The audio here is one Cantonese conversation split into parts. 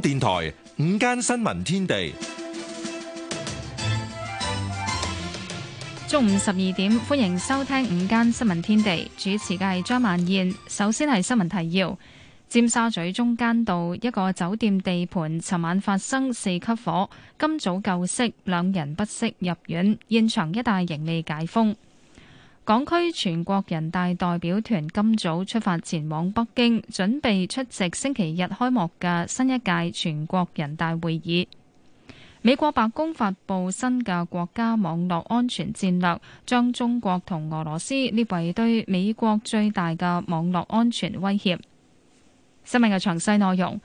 電台午間新聞天地，中午十二點，歡迎收聽午間新聞天地，主持嘅係張曼燕。首先係新聞提要：尖沙咀中間道一個酒店地盤，尋晚發生四級火，今早救熄，兩人不適入院，現場一帶仍未解封。港區全國人大代表團今早出發前往北京，準備出席星期日開幕嘅新一屆全國人大會議。美國白宮發布新嘅國家網絡安全戰略，將中國同俄羅斯列為對美國最大嘅網絡安全威脅。新聞嘅詳細內容。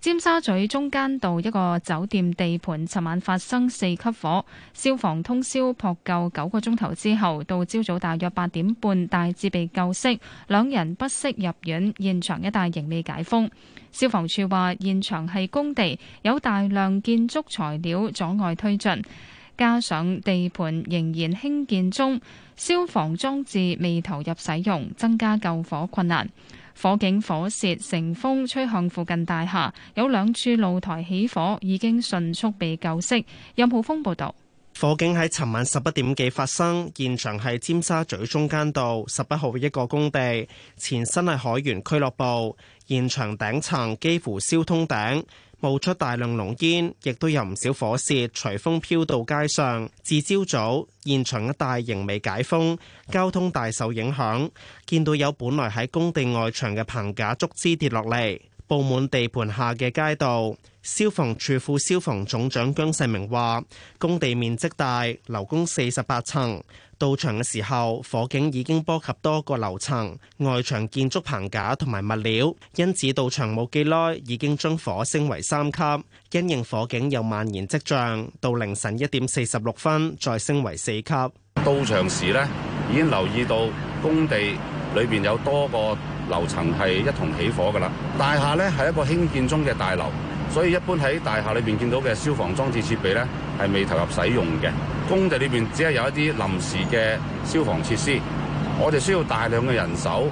尖沙咀中間道一個酒店地盤，尋晚發生四級火，消防通宵撲救九個鐘頭之後，到朝早大約八點半大致被救熄，兩人不適入院，現場一帶仍未解封。消防處話，現場係工地，有大量建築材料阻礙推進，加上地盤仍然興建中，消防裝置未投入使用，增加救火困難。火警火舌乘風吹向附近大廈，有兩處露台起火，已經迅速被救熄。任浩峰報導，火警喺尋晚十一點幾發生，現場係尖沙咀中間道十一號一個工地，前身係海員俱樂部，現場頂層幾乎燒通頂。冒出大量濃煙，亦都有唔少火舌隨風飄到街上。至朝早，現場一帶仍未解封，交通大受影響。見到有本來喺工地外牆嘅棚架竹枝跌落嚟，佈滿地盤下嘅街道。消防處副消防總長姜世明話：工地面積大，樓高四十八層。到場嘅時候，火警已經波及多個樓層外牆建築棚架同埋物料，因此到場冇幾耐已經將火升為三級。因應火警有蔓延跡象，到凌晨一點四十六分再升為四級。到場時呢，已經留意到工地裏邊有多個樓層係一同起火㗎喇。大廈呢係一個興建中嘅大樓。所以一般喺大廈裏邊見到嘅消防裝置設備呢，係未投入使用嘅。工地裏邊只係有一啲臨時嘅消防設施，我哋需要大量嘅人手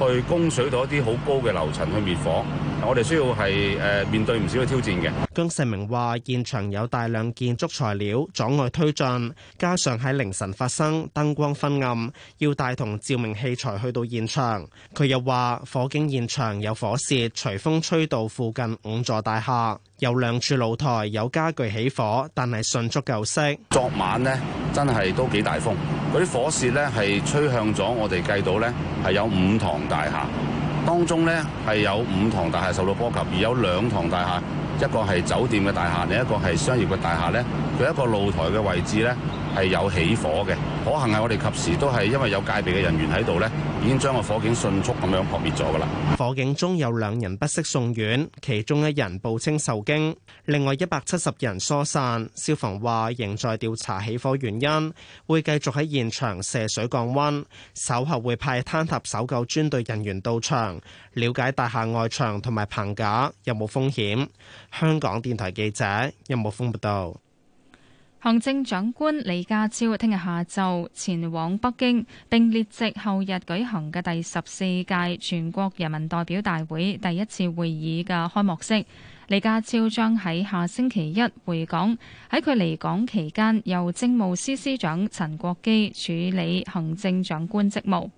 去供水到一啲好高嘅樓層去滅火。我哋需要係誒面對唔少嘅挑戰嘅。姜世明話，現場有大量建築材料阻礙推進，加上喺凌晨發生，燈光昏暗，要帶同照明器材去到現場。佢又話火警現場有火舌，隨風吹到附近五座大廈，有兩處露台，有家具起火，但係迅速救熄。昨晚呢，真係都幾大風，嗰啲火舌呢，係吹向咗，我哋計到呢，係有五幢大廈。當中咧係有五幢大廈受到波及，而有兩幢大廈，一個係酒店嘅大廈，另一個係商業嘅大廈，咧，佢一個露台嘅位置咧。係有起火嘅，可幸係我哋及時都係因為有戒備嘅人員喺度呢，已經將個火警迅速咁樣撲滅咗噶啦。火警中有兩人不適送院，其中一人報稱受驚，另外一百七十人疏散。消防話仍在調查起火原因，會繼續喺現場射水降溫，稍後會派坍塌搜救專隊人員到場，了解大廈外牆同埋棚架有冇風險。香港電台記者任木峯報道。行政長官李家超聽日下晝前往北京，並列席後日舉行嘅第十四屆全國人民代表大會第一次會議嘅開幕式。李家超將喺下星期一回港，喺佢離港期間，由政務司司長陳國基處理行政長官職務。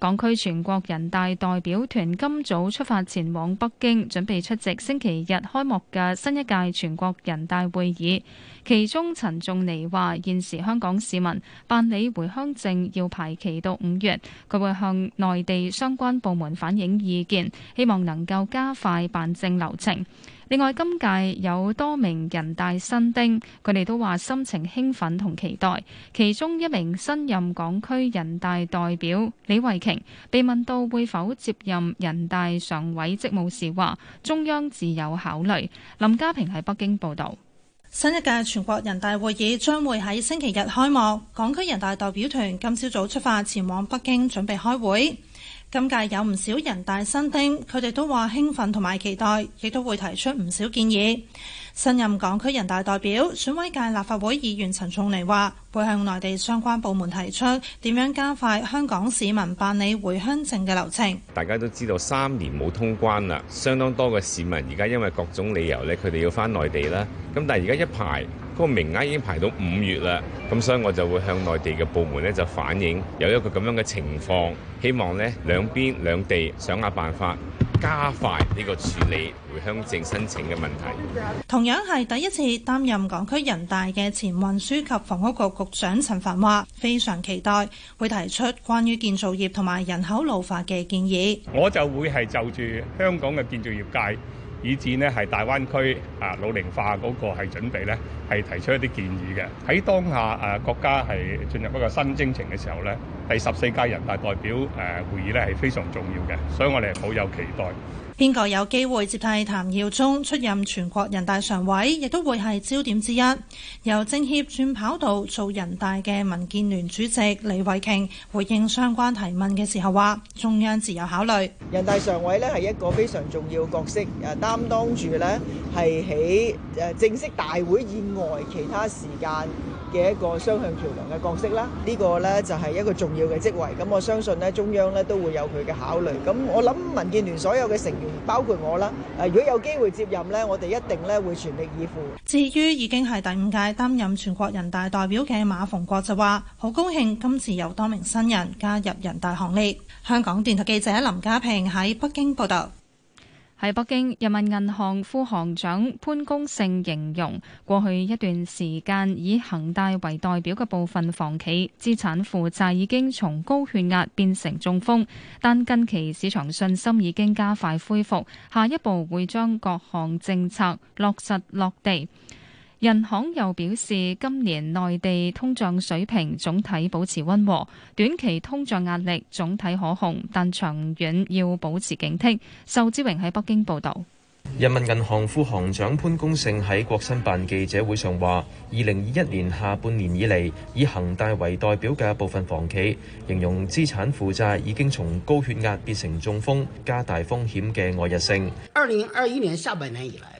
港區全國人大代表團今早出發前往北京，準備出席星期日開幕嘅新一屆全國人大會議。其中，陳仲尼話：現時香港市民辦理回鄉證要排期到五月，佢會向內地相關部門反映意見，希望能夠加快辦證流程。另外，今屆有多名人大新丁，佢哋都話心情興奮同期待。其中一名新任港區人大代表李慧瓊被問到會否接任人大常委職務時，話中央自有考慮。林家平喺北京報導，新一屆全國人大會議將會喺星期日開幕，港區人大代表團今朝早出發前往北京，準備開會。今屆有唔少人大新丁，佢哋都話興奮同埋期待，亦都會提出唔少建議。新任港區人大代表、選委界立法會議員陳仲尼話會向內地相關部門提出點樣加快香港市民辦理回鄉證嘅流程。大家都知道三年冇通關啦，相當多嘅市民而家因為各種理由咧，佢哋要翻內地啦。咁但係而家一排嗰個名額已經排到五月啦，咁所以我就會向內地嘅部門咧就反映有一個咁樣嘅情況，希望咧兩邊兩地想下辦法。加快呢個處理回鄉證申請嘅問題。同樣係第一次擔任港區人大嘅前運輸及房屋局局長陳帆話非常期待會提出關於建造業同埋人口老化嘅建議，我就會，係就住香港嘅建造業界。以至呢係大灣區啊，老齡化嗰個係準備呢係提出一啲建議嘅。喺當下，誒國家係進入一個新征程嘅時候呢，第十四屆人大代表誒會議呢係非常重要嘅，所以我哋係抱有期待。邊個有機會接替譚耀宗出任全國人大常委，亦都會係焦點之一。由政協轉跑道做人大嘅民建聯主席李慧瓊，回應相關提問嘅時候話：中央自有考慮。人大常委呢係一個非常重要角色，誒擔當住呢係喺誒正式大會以外其他時間。嘅一個雙向橋梁嘅角色啦，呢個呢，就係一個重要嘅職位。咁我相信呢，中央呢都會有佢嘅考慮。咁我諗民建聯所有嘅成員，包括我啦，誒，如果有機會接任呢，我哋一定呢會全力以赴。至於已經係第五屆擔任全國人大代表嘅馬逢國就話：好高興今次有多名新人加入人大行列。香港電台記者林家平喺北京報道。喺北京，人民銀行副行長潘功勝形容，過去一段時間以恒大為代表嘅部分房企資產負債已經從高血壓變成中風，但近期市場信心已經加快恢復，下一步會將各項政策落實落地。人行又表示，今年內地通脹水平總體保持溫和，短期通脹壓力總體可控，但長遠要保持警惕。仇志榮喺北京報道。人民銀行副行長潘功勝喺國新辦記者會上話，二零二一年下半年以嚟，以恒大為代表嘅部分房企，形容資產負債已經從高血壓變成中風，加大風險嘅外溢性。二零二一年下半年以來。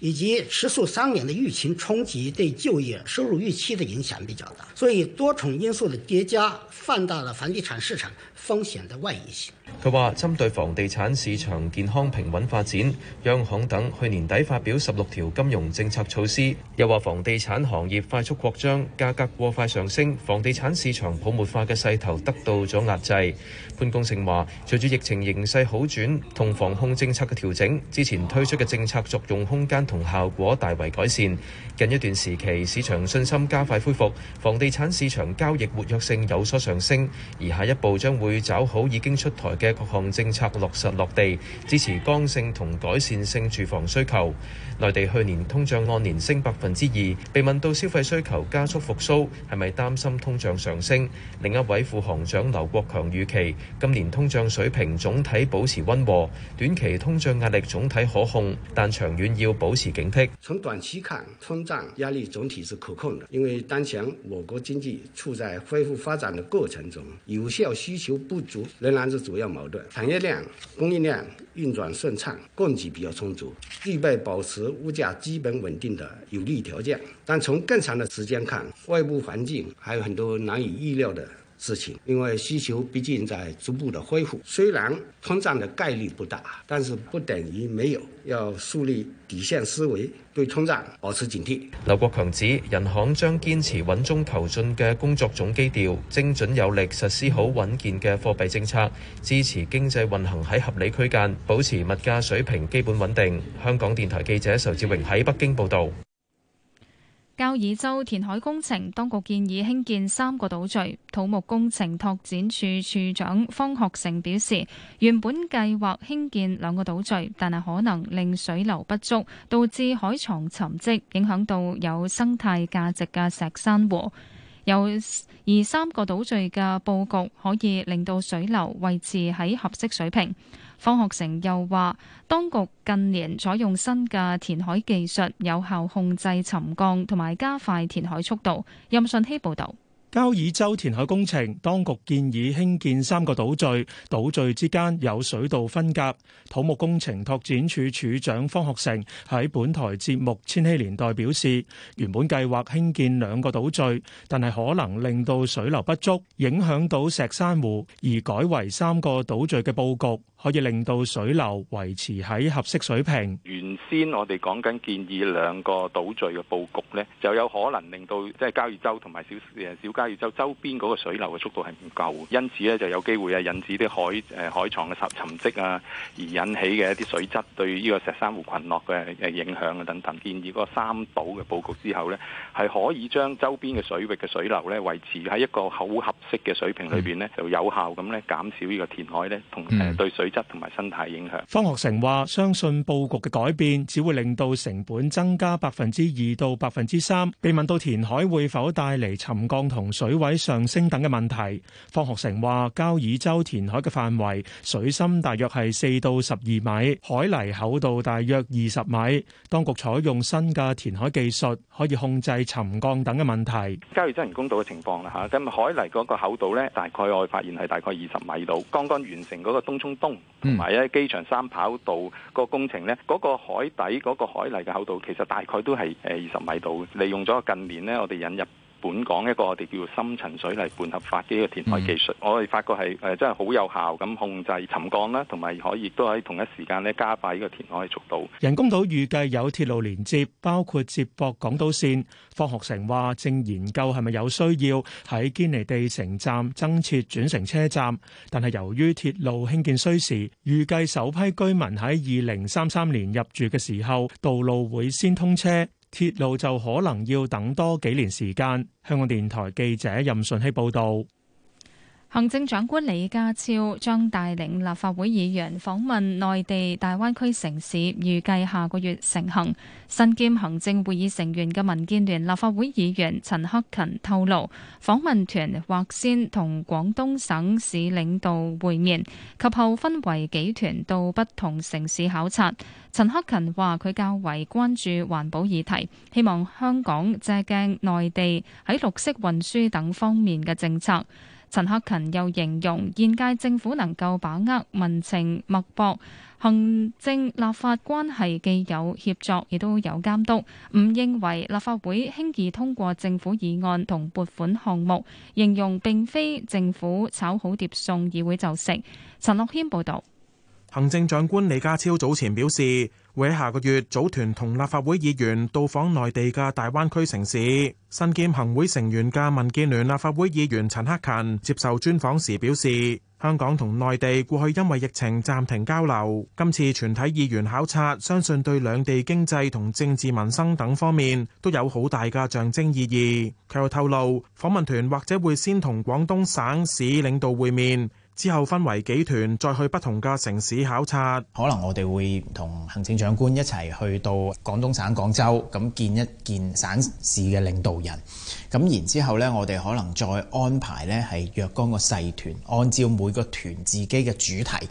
以及持續三年的疫情衝擊，對就業收入預期的影響比較大，所以多重因素的疊加放大了房地產市場風險的外溢性。佢話針對房地產市場健康平穩發展，央行等去年底發表十六條金融政策措施。又話房地產行業快速擴張，價格過快上升，房地產市場泡沫化嘅勢頭得到咗壓制。潘功勝話，隨住疫情形勢好轉同防控政策嘅調整，之前推出嘅政策作用空間同效果大為改善。近一段時期，市場信心加快恢復，房地產市場交易活躍性有所上升。而下一步將會抓好已經出台嘅各項政策落實落地，支持剛性同改善性住房需求。內地去年通脹按年升百分之二，被問到消費需求加速復甦，係咪擔心通脹上升？另一位副行長劉國強預期今年通脹水平總體保持溫和，短期通脹壓力總體可控，但長遠要保持警惕。從短期看，通脹壓力總體是可控的，因為當前我國經濟處在恢復發展的過程中，有效需求不足仍然是主要矛盾，產業鏈、供應鏈運轉順暢，供給比較充足，具備保持物價基本穩定的有利條件。但從更長的時間看，外部環境還有很多難以預料的。事情，因為需求畢竟在逐步的恢復，雖然通脹的概率不大，但是不等於沒有，要樹立底線思維，對通脹保持警惕。劉國強指，人行將堅持穩中求進嘅工作總基調，精準有力實施好穩健嘅貨幣政策，支持經濟運行喺合理區間，保持物價水平基本穩定。香港電台記者仇志榮喺北京報道。交椅洲填海工程，當局建議興建三個島嶼。土木工程拓展處處長方學成表示，原本計劃興建兩個島嶼，但係可能令水流不足，導致海床沉積，影響到有生態價值嘅石珊瑚。有而三個島嶼嘅佈局可以令到水流維持喺合適水平。方學成又話，當局近年採用新嘅填海技術，有效控制沉降，同埋加快填海速度。任順希報導。交椅洲填海工程，當局建議興建三個島嶼，島嶼之間有水道分隔。土木工程拓展署署長方學成喺本台節目《千禧年代》表示，原本計劃興建兩個島嶼，但係可能令到水流不足，影響到石珊瑚，而改為三個島嶼嘅佈局。可以令到水流維持喺合適水平。原先我哋講緊建議兩個島嶼嘅布局咧，就有可能令到即係交椅洲同埋小誒小交椅洲周邊嗰個水流嘅速度係唔夠，因此咧就有機會啊引致啲海誒海床嘅沙沉積啊，而引起嘅一啲水質對呢個石珊瑚群落嘅誒影響啊等等。建議嗰個三島嘅布局之後咧，係可以將周邊嘅水域嘅水流咧維持喺一個好合適嘅水平裏邊咧，就有效咁咧減少呢個填海咧同誒對水質。同埋生態影響。方學成話：相信佈局嘅改變，只會令到成本增加百分之二到百分之三。被問到填海會否帶嚟沉降同水位上升等嘅問題，方學成話：交椅洲填海嘅範圍，水深大約係四到十二米，海泥厚度大約二十米。當局採用新嘅填海技術，可以控制沉降等嘅問題。交椅洲人工島嘅情況啦嚇，咁海泥嗰個厚度呢，大概我發現係大概二十米度。剛剛完成嗰個東涌東。同埋咧，機場三跑道個工程咧，嗰個海底嗰個海泥嘅厚度其實大概都係誒二十米度。利用咗近年咧，我哋引入。本港一個我哋叫深層水泥拌合法嘅一個填海技術，我哋發覺係誒、呃、真係好有效咁控制沉降啦，同埋可以都喺同一時間咧，加快呢個填海嘅速度。人工島預計有鐵路連接，包括接駁港島線。方學成話正研究係咪有需要喺堅尼地城站增設轉乘車站，但係由於鐵路興建需時，預計首批居民喺二零三三年入住嘅時候，道路會先通車。鐵路就可能要等多幾年時間。香港電台記者任順希報導。行政長官李家超將帶領立法會議員訪問內地大灣區城市，預計下個月成行。身兼行政會議成員嘅民建聯立法會議員陳克勤透露，訪問團或先同廣東省市領導會面，及後分為幾團到不同城市考察。陳克勤話，佢較為關注環保議題，希望香港借鏡內地喺綠色運輸等方面嘅政策。陳克勤又形容，現屆政府能夠把握民情脈搏，行政立法關係既有協作，亦都有監督，唔認為立法會輕易通過政府議案同撥款項目，形容並非政府炒好碟送議會就成。陳樂謙報道，行政長官李家超早前表示，會喺下個月組團同立法會議員到訪內地嘅大灣區城市。身兼行會成員嘅民建聯立法會議員陳克勤接受專訪時表示，香港同內地過去因為疫情暫停交流，今次全體議員考察，相信對兩地經濟同政治民生等方面都有好大嘅象徵意義。佢又透露，訪問團或者會先同廣東省市領導會面。之後分為幾團，再去不同嘅城市考察。可能我哋會同行政長官一齊去到廣東省廣州，咁見一見省市嘅領導人。咁然之後呢，我哋可能再安排呢係若干個細團，按照每個團自己嘅主題，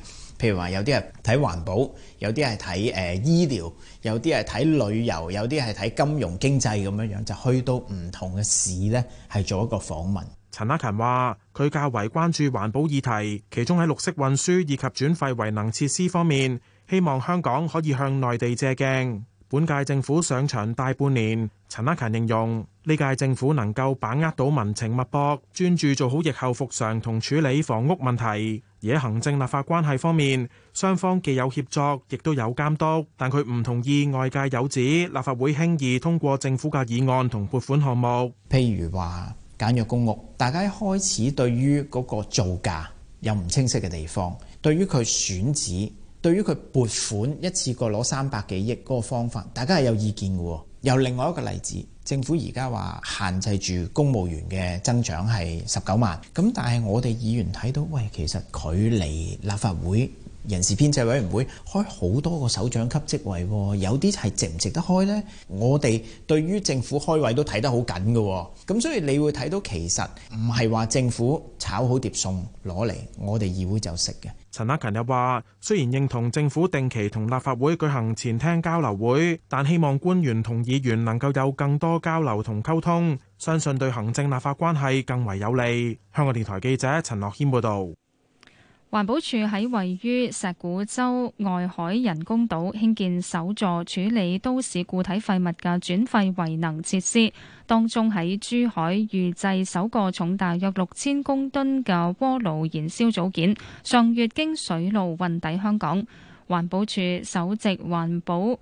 譬如話有啲係睇環保，有啲係睇誒醫療，有啲係睇旅遊，有啲係睇金融經濟咁樣樣，就去到唔同嘅市呢，係做一個訪問。陳克勤話：佢較為關注環保議題，其中喺綠色運輸以及轉廢為能設施方面，希望香港可以向內地借鏡。本屆政府上場大半年，陳克勤形容呢屆政府能夠把握到民情脈搏，專注做好疫後復常同處理房屋問題。而喺行政立法關係方面，雙方既有協作，亦都有監督。但佢唔同意外界有指立法會輕易通過政府嘅議案同撥款項目，譬如話。簡約公屋，大家一開始對於嗰個造價有唔清晰嘅地方，對於佢選址，對於佢撥款一次過攞三百幾億嗰個方法，大家係有意見嘅。由另外一個例子，政府而家話限制住公務員嘅增長係十九萬，咁但係我哋議員睇到，喂，其實距離立法會人事編制委員會開好多個首長級職位，有啲係值唔值得開呢？我哋對於政府開位都睇得好緊嘅，咁所以你會睇到其實唔係話政府炒好碟餸攞嚟，我哋議會就食嘅。陳克勤又話：雖然認同政府定期同立法會舉行前廳交流會，但希望官員同議員能夠有更多交流同溝通，相信對行政立法關係更為有利。香港電台記者陳樂軒報導。環保署喺位於石鼓洲外海人工島興建首座處理都市固體廢物嘅轉廢為能設施，當中喺珠海預製首個重大約六千公噸嘅鍋爐燃燒組件，上月經水路運抵香港。環保署首席環保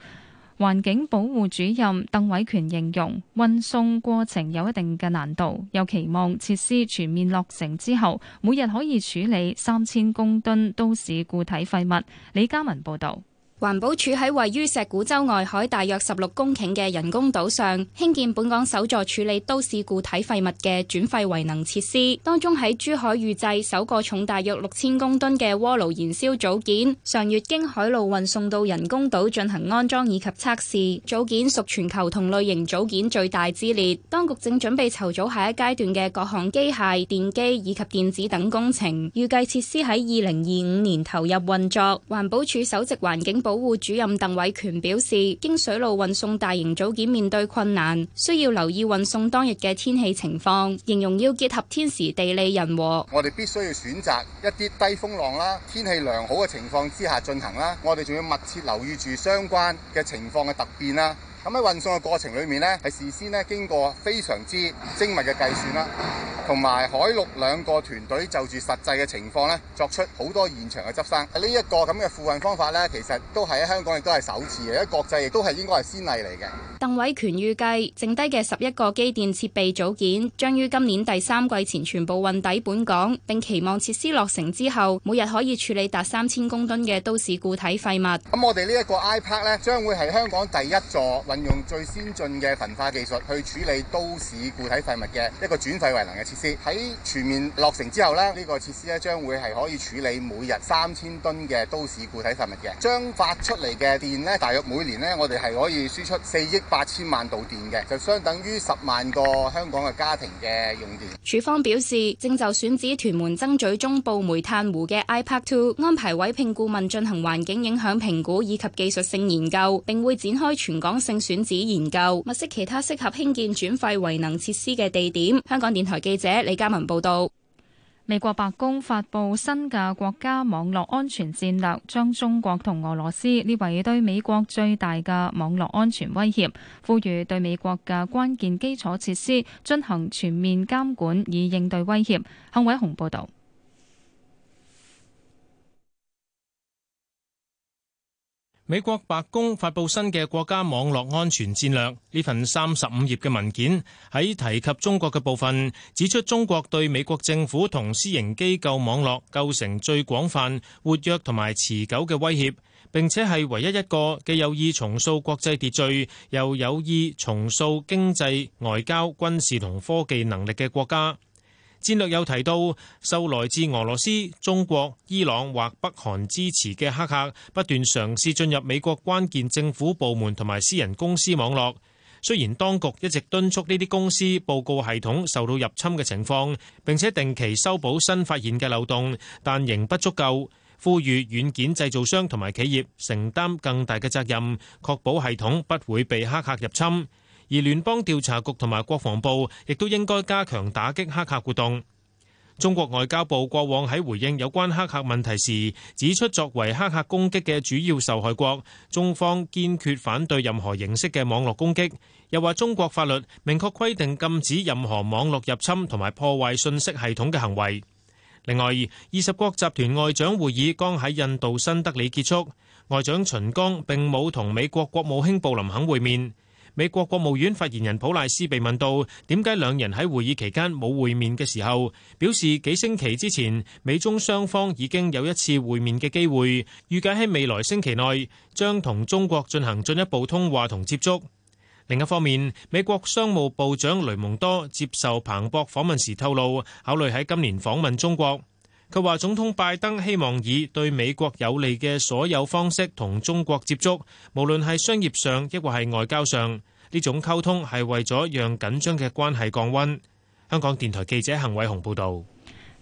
環境保護主任鄧偉權形容，運送過程有一定嘅難度，又期望設施全面落成之後，每日可以處理三千公噸都市固體廢物。李嘉文報導。環保署喺位於石鼓洲外海大約十六公頃嘅人工島上興建本港首座處理都市固體廢物嘅轉廢為能設施，當中喺珠海預製首個重大約六千公噸嘅鍋爐燃燒組件，上月經海路運送到人工島進行安裝以及測試。組件屬全球同類型組件最大之列，當局正準備籌組下一階段嘅各項機械、電機以及電子等工程，預計設施喺二零二五年投入運作。環保署首席環境部保護主任鄧偉權表示，經水路運送大型組件面對困難，需要留意運送當日嘅天氣情況，形容要結合天時地利人和。我哋必須要選擇一啲低風浪啦、天氣良好嘅情況之下進行啦，我哋仲要密切留意住相關嘅情況嘅突變啦。咁喺、嗯、運送嘅過程裏面呢，係事先咧，經過非常之精密嘅計算啦，同埋海陸兩個團隊就住實際嘅情況咧，作出好多現場嘅執生。呢、這、一個咁嘅付運方法呢，其實都係喺香港亦都係首次嘅，喺國際亦都係應該係先例嚟嘅。鄧偉權預計剩低嘅十一個機電設備組件將於今年第三季前全部運抵本港，並期望設施落成之後，每日可以處理達三千公噸嘅都市固體廢物。咁、嗯、我哋呢一個 iPad 呢，將會係香港第一座。運用最先進嘅焚化技術去處理都市固體廢物嘅一個轉廢為能嘅設施，喺全面落成之後啦，呢、呢個設施咧，將會係可以處理每日三千噸嘅都市固體廢物嘅，將發出嚟嘅電咧，大約每年咧，我哋係可以輸出四億八千萬度電嘅，就相等於十萬個香港嘅家庭嘅用電。署方表示，正就選址屯門增咀中部煤炭湖嘅 i p a d Two 安排委聘顧問進行環境影響評估以及技術性研究，並會展開全港性選址研究，物色其他適合興建轉廢為能設施嘅地點。香港電台記者李嘉文報道。美國白宮發佈新嘅國家網絡安全戰略，將中國同俄羅斯列為對美國最大嘅網絡安全威脅，呼籲對美國嘅關鍵基礎設施進行全面監管，以應對威脅。向偉雄報道。美國白宮發佈新嘅國家網絡安全戰略，呢份三十五頁嘅文件，喺提及中國嘅部分，指出中國對美國政府同私營機構網絡構成最廣泛、活躍同埋持久嘅威脅，並且係唯一一個既有意重塑國際秩序，又有意重塑經濟、外交、軍事同科技能力嘅國家。戰略有提到，受來自俄羅斯、中國、伊朗或北韓支持嘅黑客不斷嘗試進入美國關鍵政府部門同埋私人公司網絡。雖然當局一直敦促呢啲公司報告系統受到入侵嘅情況，並且定期修補新發現嘅漏洞，但仍不足夠，呼籲軟件製造商同埋企業承擔更大嘅責任，確保系統不會被黑客入侵。而聯邦調查局同埋國防部亦都應該加強打擊黑客活動。中國外交部過往喺回應有關黑客問題時，指出作為黑客攻擊嘅主要受害國，中方堅決反對任何形式嘅網絡攻擊，又話中國法律明確規定禁止任何網絡入侵同埋破壞信息系統嘅行為。另外，二十國集團外長會議剛喺印度新德里結束，外長秦剛並冇同美國國務卿布林肯會面。美國國務院發言人普賴斯被問到點解兩人喺會議期間冇會面嘅時候，表示幾星期之前美中雙方已經有一次會面嘅機會，預計喺未來星期內，將同中國進行進一步通話同接觸。另一方面，美國商務部長雷蒙多接受彭博訪問時透露，考慮喺今年訪問中國。佢話：總統拜登希望以對美國有利嘅所有方式同中國接觸，無論係商業上，亦或係外交上，呢種溝通係為咗讓緊張嘅關係降溫。香港電台記者幸偉雄報道，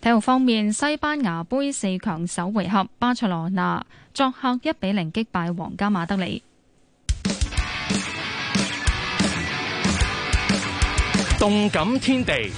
體育方面，西班牙杯四強首回合巴，巴塞羅那作客一比零擊敗皇家馬德里。動感天地。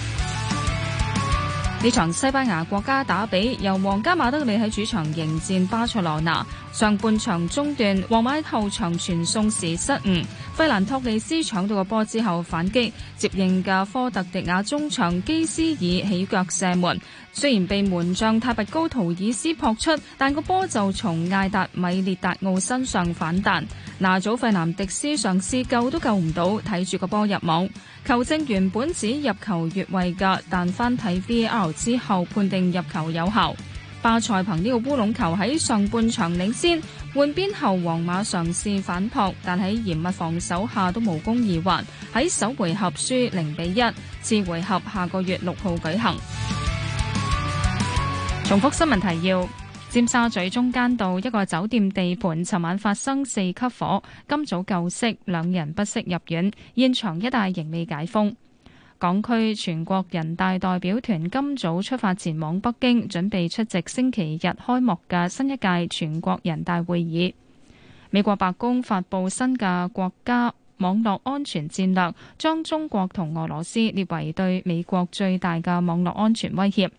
呢場西班牙國家打比，由皇家馬德里喺主場迎戰巴塞羅那。上半場中段，皇馬喺後場傳送時失誤，費蘭托利斯搶到個波之後反擊，接應嘅科特迪亞中場基斯爾起腳射門，雖然被門將泰伯高圖爾斯撲出，但個波就從艾達米列達奧身上反彈，拿祖費南迪斯上試救都救唔到，睇住個波入網。球證原本指入球越位嘅，但翻睇 VAR 之後判定入球有效。巴塞憑呢個烏龍球喺上半場領先，換邊後皇馬嘗試反撲，但喺嚴密防守下都無功而還。喺首回合輸零比一，次回合下個月六號舉行。重複新聞提要。尖沙咀中間道一個酒店地盤，尋晚發生四級火，今早救熄，兩人不適入院，現場一帶仍未解封。港區全國人大代表團今早出發前往北京，準備出席星期日開幕嘅新一屆全國人大會議。美國白宮發布新嘅國家網絡安全戰略，將中國同俄羅斯列為對美國最大嘅網絡安全威脅。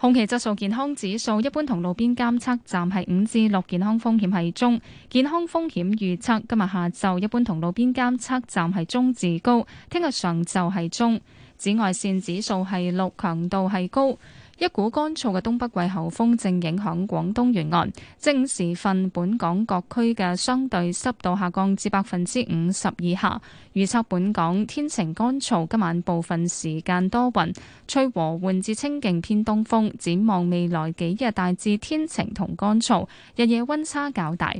空氣質素健康指數一般同路邊監測站係五至六，健康風險係中。健康風險預測今日下晝一般同路邊監測站係中至高，聽日上晝係中。紫外線指數係六，強度係高。一股乾燥嘅東北季候風正影響廣東沿岸，正時分本港各區嘅相對濕度下降至百分之五十以下。預測本港天晴乾燥，今晚部分時間多雲，吹和緩至清勁偏東風。展望未來幾日，大致天晴同乾燥，日夜溫差較大。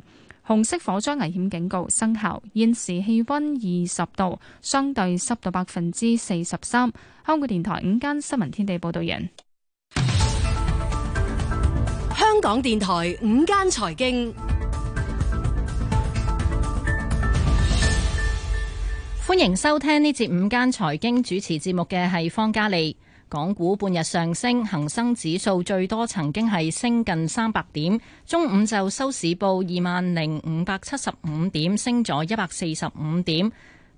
紅色火災危險警告生效，現時氣溫二十度，相對濕度百分之四十三。香港電台午間新聞天地報道員。香港電台午間財經。歡迎收聽呢節午間財經，主持節目嘅係方嘉利。港股半日上升，恒生指數最多曾經係升近三百點，中午就收市報二萬零五百七十五點，升咗一百四十五點。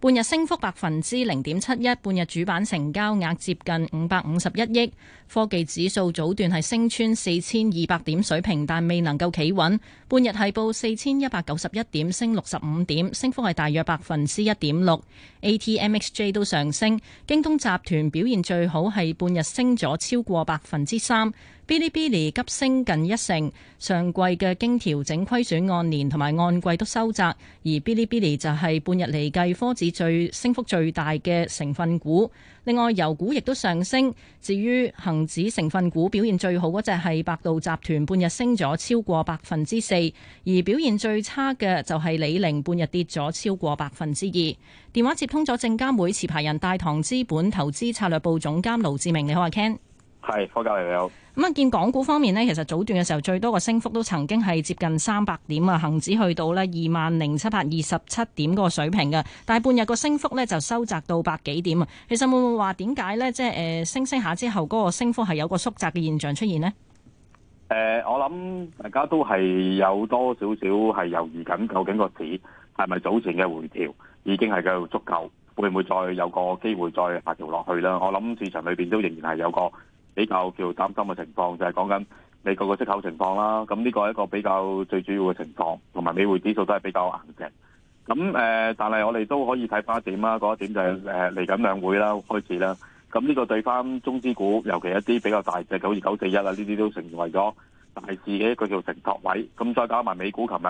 半日升幅百分之零點七一，半日主板成交額接近五百五十一億。科技指數早段係升穿四千二百點水平，但未能夠企穩。半日係報四千一百九十一點，升六十五點，升幅係大約百分之一點六。A T M X J 都上升，京東集團表現最好，係半日升咗超過百分之三。Bilibili 急升近一成，上季嘅經調整虧損按年同埋按季都收窄，而 Bilibili 就係半日嚟計，科指最升幅最大嘅成分股。另外，油股亦都上升。至於恒指成分股表現最好嗰隻係百度集團，半日升咗超過百分之四。而表現最差嘅就係李寧，半日跌咗超過百分之二。電話接通咗證監會持牌人大唐資本投資策略部總監盧志明，你好啊，Ken。係，何教練你好。咁啊，見港股方面呢，其實早段嘅時候最多嘅升幅都曾經係接近三百點啊，恒指去到呢二萬零七百二十七點嗰個水平嘅，但係半日個升幅呢就收窄到百幾點啊。其實會唔會話點解呢？即係誒、呃，升升下之後嗰、那個升幅係有個縮窄嘅現象出現呢？誒，我諗大家都係有多少少係猶豫緊，究竟個市係咪早前嘅回調已經係繼續足夠，會唔會再有個機會再下調落去咧？我諗市場裏邊都仍然係有個比較叫擔心嘅情況，就係講緊美國個息口情況啦。咁呢個係一個比較最主要嘅情況，同埋美匯指數都係比較硬淨。咁誒，但係我哋都可以睇翻一點啦，嗰一點就係誒嚟緊兩會啦，開始啦。咁呢個對翻中資股，尤其一啲比較大隻，九二九四一啊，呢啲都成為咗大市嘅嗰個叫承托位。咁再加埋美股，琴日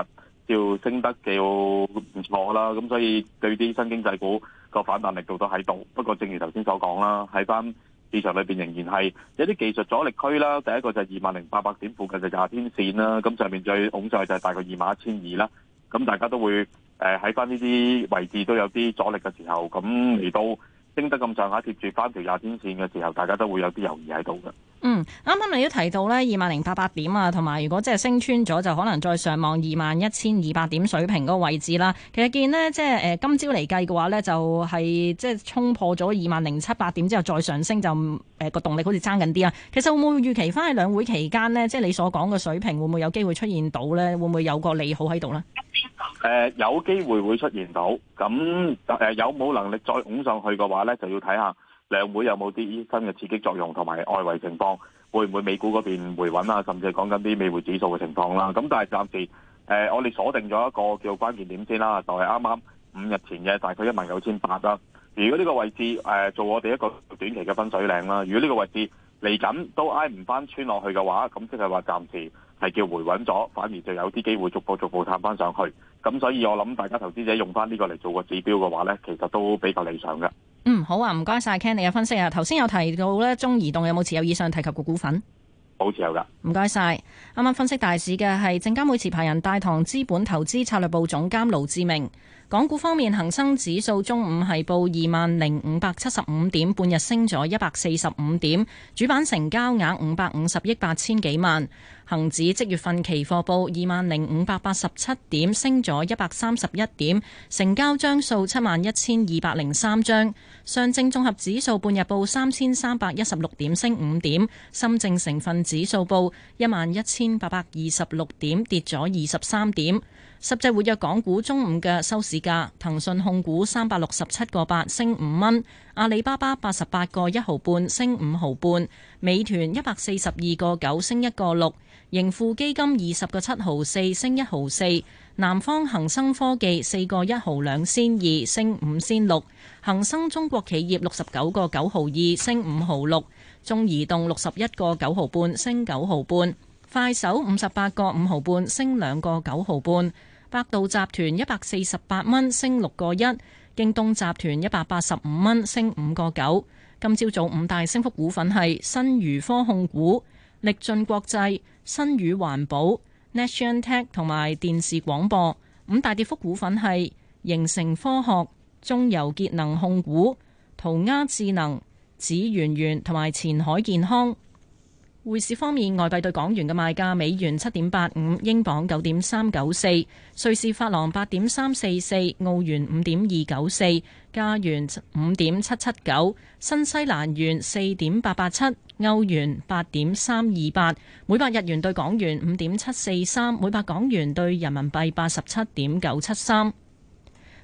叫升得叫唔錯啦。咁所以對啲新經濟股個反彈力度都喺度。不過正如頭先所講啦，喺翻市場裏邊仍然係有啲技術阻力區啦。第一個就係二萬零八百點附近嘅廿天線啦。咁上面最拱上去就係大概二萬一千二啦。咁大家都會誒喺翻呢啲位置都有啲阻力嘅時候，咁嚟到。升得咁上下貼住翻條廿天線嘅時候，大家都會有啲猶豫喺度嘅。嗯，啱啱你都提到咧，二萬零八百點啊，同埋如果即係升穿咗，就可能再上望二萬一千二百點水平嗰個位置啦。其實見呢，即係誒、呃、今朝嚟計嘅話咧，就係、是、即係衝破咗二萬零七百點之後再上升就，就誒個動力好似爭緊啲啊。其實會唔會預期翻喺兩會期間呢？即係你所講嘅水平，會唔會有機會出現到咧？會唔會有個利好喺度咧？誒、呃，有機會會出現到。咁誒、呃，有冇能力再拱上去嘅話咧？就要睇下兩會有冇啲新嘅刺激作用，同埋外圍情況會唔會美股嗰邊回穩啊？甚至係講緊啲美匯指數嘅情況啦。咁但係暫時誒、呃，我哋鎖定咗一個叫關鍵點先啦，就係啱啱五日前嘅大概一萬九千八啦。如果呢個位置誒、呃、做我哋一個短期嘅分水嶺啦，如果呢個位置嚟緊都挨唔翻穿落去嘅話，咁即係話暫時係叫回穩咗，反而就有啲機會逐步逐步、逐步探翻上去。咁所以我諗大家投資者用翻呢個嚟做個指標嘅話呢，其實都比較理想嘅。嗯，好啊，唔該晒，Ken，你嘅分析啊，頭先有提到咧，中移動有冇持有以上提及嘅股份？好，持有噶。唔該晒。啱啱分析大市嘅係證監會持牌人，大唐資本投資策略部總監盧志明。港股方面，恒生指數中午係報二萬零五百七十五點，半日升咗一百四十五點，主板成交額五百五十億八千幾萬。恒指即月份期貨報二萬零五百八十七點，升咗一百三十一點，成交張數七萬一千二百零三張。上證綜合指數半日報三千三百一十六點，升五點。深證成分指數報一萬一千八百二十六點，跌咗二十三點。十隻活躍港股中午嘅收市價，騰訊控股三百六十七個八升五蚊，阿里巴巴八十八個一毫半升五毫半，美團一百四十二個九升一個六，盈富基金二十個七毫四升一毫四，南方恒生科技四個一毫兩仙二升五仙六，恒生中國企業六十九個九毫二升五毫六，中移動六十一個九毫半升九毫半，快手五十八個五毫半升兩個九毫半。百度集團一百四十八蚊升六個一，京東集團一百八十五蚊升五個九。今朝早五大升幅股份係新餘科控股、力進國際、新宇環保、National Tech 同埋電視廣播。五大跌幅股份係形成科學、中油潔能控股、塗鴉智能、紫元元同埋前海健康。匯市方面，外幣對港元嘅賣價：美元七點八五，英鎊九點三九四，瑞士法郎八點三四四，澳元五點二九四，加元五點七七九，新西蘭元四點八八七，歐元八點三二八，每百日元對港元五點七四三，每百港元對人民幣八十七點九七三。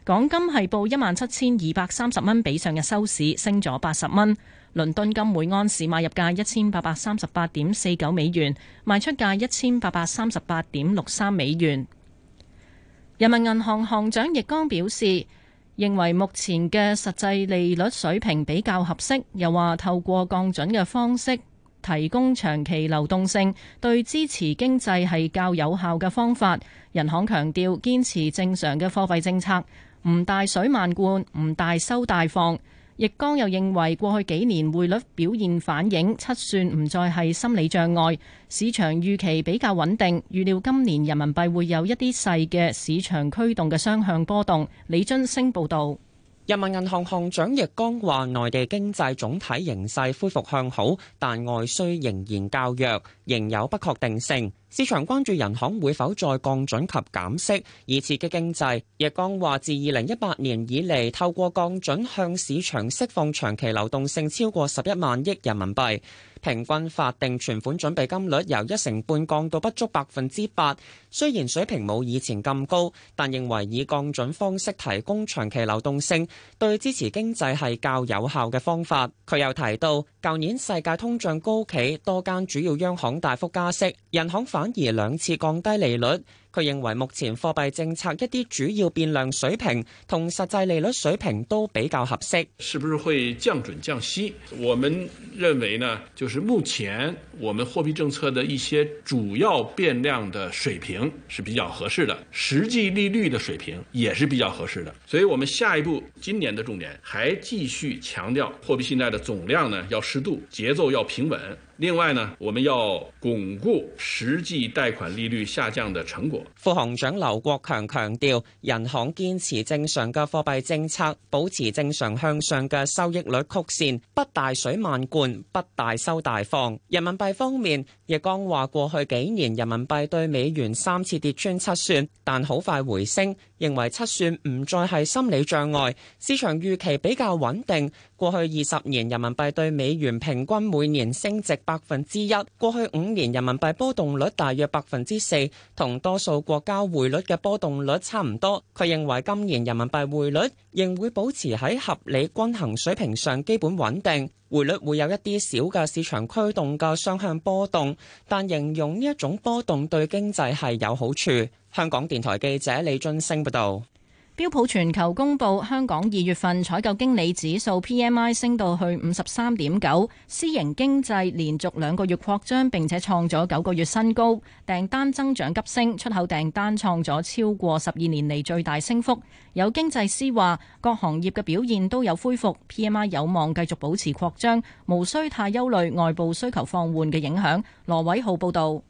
港金係報一萬七千二百三十蚊，比上日收市升咗八十蚊。倫敦金每安士買入價一千八百三十八點四九美元，賣出價一千八百三十八點六三美元。人民銀行行長易綱表示，認為目前嘅實際利率水平比較合適，又話透過降準嘅方式提供長期流動性，對支持經濟係較有效嘅方法。人行強調堅持正常嘅貨幣政策，唔大水漫灌，唔大收大放。易綱又認為，過去幾年匯率表現反映，七算唔再係心理障礙，市場預期比較穩定，預料今年人民幣會有一啲細嘅市場驅動嘅雙向波動。李津星報導，人民銀行行長易綱話：內地經濟總體形勢恢復向好，但外需仍然較弱，仍有不確定性。市場關注人行會否再降準及減息以刺激經濟。易綱話，自二零一八年以嚟，透過降準向市場釋放長期流動性超過十一萬億人民幣，平均法定存款準備金率由一成半降到不足百分之八。雖然水平冇以前咁高，但認為以降準方式提供長期流動性，對支持經濟係較有效嘅方法。佢又提到，舊年世界通脹高企，多間主要央行大幅加息，人行。反而兩次降低利率。 佢認為，目前貨幣政策一啲主要變量水平同實際利率水平都比較合適。是不是會降準、降息？我們認為呢，就是目前我們貨幣政策的一些主要變量的水平是比較合適的，實際利率的水平也是比較合適的。所以我們下一步今年的重點還繼續強調，貨幣信貸的總量呢要適度，節奏要平穩。另外呢，我們要鞏固實際貸款利率下降的成果。副行長劉國強強調，人行堅持正常嘅貨幣政策，保持正常向上嘅收益率曲線，不大水漫灌，不大收大放。人民幣方面，易綱話過去幾年人民幣對美元三次跌穿七算，但好快回升，認為七算唔再係心理障礙，市場預期比較穩定。過去二十年，人民幣對美元平均每年升值百分之一。過去五年，人民幣波動率大約百分之四，同多數國家匯率嘅波動率差唔多。佢認為今年人民幣匯率仍會保持喺合理均衡水平上基本穩定，匯率會有一啲小嘅市場驅動嘅雙向波動，但形容呢一種波動對經濟係有好處。香港電台記者李津升報道。標普全球公布，香港二月份採購經理指數 PMI 升到去五十三點九，私營經濟連續兩個月擴張，並且創咗九個月新高，訂單增長急升，出口訂單創咗超過十二年嚟最大升幅。有經濟師話，各行業嘅表現都有恢復，PMI 有望繼續保持擴張，無需太憂慮外部需求放緩嘅影響。羅偉浩報道。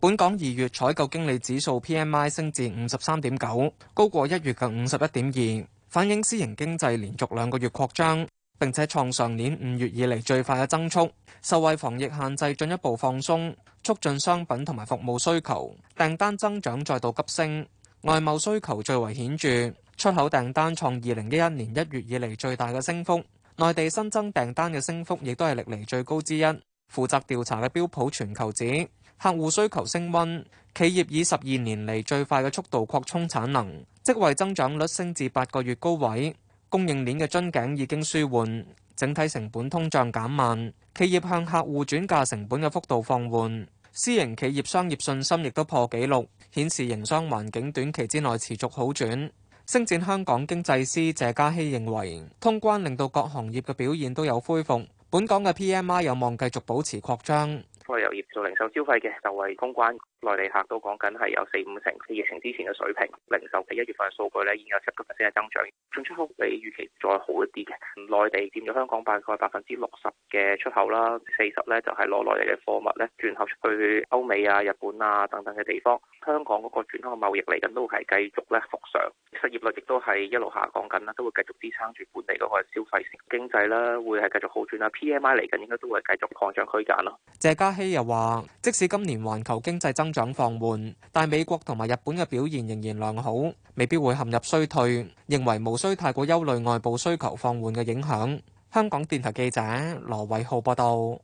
本港二月採購經理指數 PMI 升至五十三點九，高過一月嘅五十一點二，反映私營經濟連續兩個月擴張，並且創上年五月以嚟最快嘅增速。受惠防疫限制進一步放鬆，促進商品同埋服務需求，訂單增長再度急升。外貿需求最為顯著，出口訂單創二零一一年一月以嚟最大嘅升幅。內地新增訂單嘅升幅亦都係歷來最高之一。負責調查嘅標普全球指。客戶需求升溫，企業以十二年嚟最快嘅速度擴充產能，職位增長率升至八個月高位，供應鏈嘅樽頸已經舒緩，整體成本通脹減慢，企業向客戶轉嫁成本嘅幅度放緩，私營企業商業信心亦都破紀錄，顯示營商環境短期之內持續好轉。星展香港經濟師謝嘉熙認為，通關令到各行業嘅表現都有恢復，本港嘅 PMI 有望繼續保持擴張。我哋由業做零售消費嘅就係通關，內地客都講緊係有四五成係疫情之前嘅水平。零售嘅一月份數據呢已經有七個 percent 嘅增長，進出口比預期再好一啲嘅。內地佔咗香港大概百分之六十嘅出口啦，四十呢就係攞內地嘅貨物呢轉口去歐美啊、日本啊等等嘅地方。香港嗰個轉口嘅貿易嚟緊都係繼續咧復上，失業率亦都係一路下降緊啦，都會繼續支撐住本地嗰個消費經濟啦，會係繼續好轉啦。PMI 嚟緊應該都會繼續擴張區間咯。謝家興他又話，即使今年環球經濟增長放緩，但美國同埋日本嘅表現仍然良好，未必會陷入衰退，認為無須太過憂慮外部需求放緩嘅影響。香港電台記者羅偉浩報道。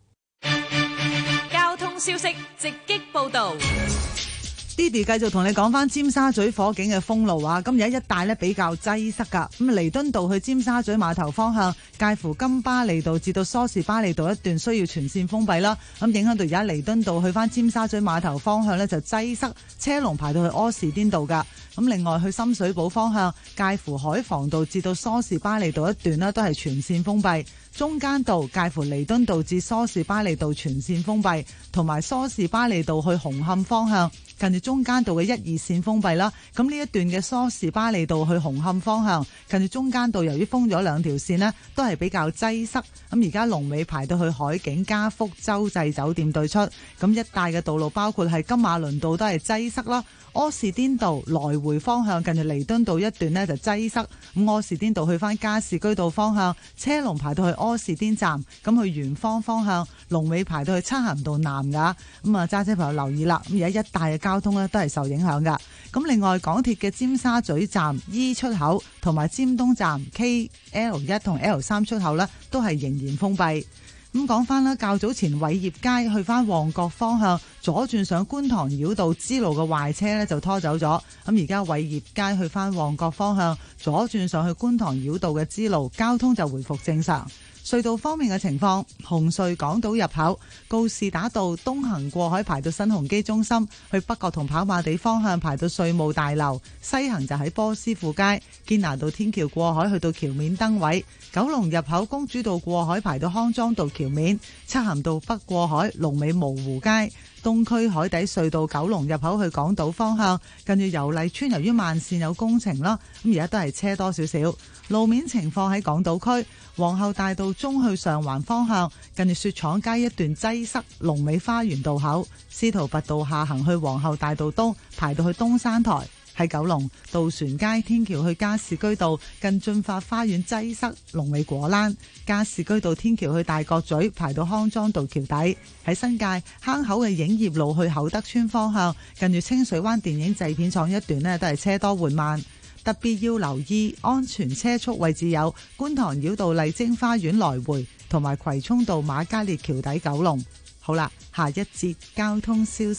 交通消息直擊報道。Didi 繼續同你講翻尖沙咀火警嘅封路啊！今日有一帶咧比較擠塞㗎。咁彌敦道去尖沙咀碼頭方向，介乎金巴利道至到梳士巴利道一段需要全線封閉啦。咁影響到而家彌敦道去翻尖沙咀碼頭方向咧就擠塞，車龍排到去柯士甸道㗎。咁另外去深水埗方向，介乎海防道至到梳士巴利道一段咧都係全線封閉，中間道介乎彌敦道至梳士巴利道全線封閉，同埋梳士巴利道去紅磡方向，近住中間道嘅一二線封閉啦，咁呢一段嘅梳士巴利道去紅磡方向，近住中間道，由於封咗兩條線呢，都係比較擠塞。咁而家龍尾排到去海景嘉福洲際酒店對出，咁一帶嘅道路包括係金馬倫道都係擠塞啦。柯士甸道來回方向近住彌敦道一段呢就擠塞，咁柯士甸道去翻加士居道方向，車龍排到去柯士甸站，咁去元芳方，方向龍尾排到去漆咸道南噶，咁啊揸車朋友留意啦。咁而家一帶嘅交通咧，都係受影響噶咁另外，港鐵嘅尖沙咀站 E 出口同埋尖東站 K、L 一同 L 三出口咧，都係仍然封閉。咁講翻啦，較早前偉業街去翻旺角方向左轉上觀塘繞道支路嘅壞車咧就拖走咗。咁而家偉業街去翻旺角方向左轉上去觀塘繞道嘅支路，交通就回復正常。隧道方面嘅情況，紅隧港島入口告士打道東行過海排到新鴻基中心，去北角同跑馬地方向排到稅務大樓；西行就喺波斯富街堅拿道天橋過海去到橋面燈位；九龍入口公主道過海排到康莊道橋面，漆咸道北過海龍尾蕪湖街。東區海底隧道九龍入口去港島方向，近住油麗村，由於慢線有工程啦，咁而家都係車多少少。路面情況喺港島區皇后大道中去上環方向，近住雪廠街一段擠塞，龍尾花園道口，司徒拔道下行去皇后大道東排到去東山台，喺九龍渡船街天橋去加士居道，近駿發花園擠塞龍尾果欄；加士居道天橋去大角咀，排到康莊道橋底。喺新界坑口嘅影業路去厚德村方向，近住清水灣電影製片廠一段呢，都係車多緩慢。特別要留意安全車速位置，有觀塘繞道麗晶花園來回，同埋葵涌道瑪嘉烈橋底九龍。好啦，下一節交通消息。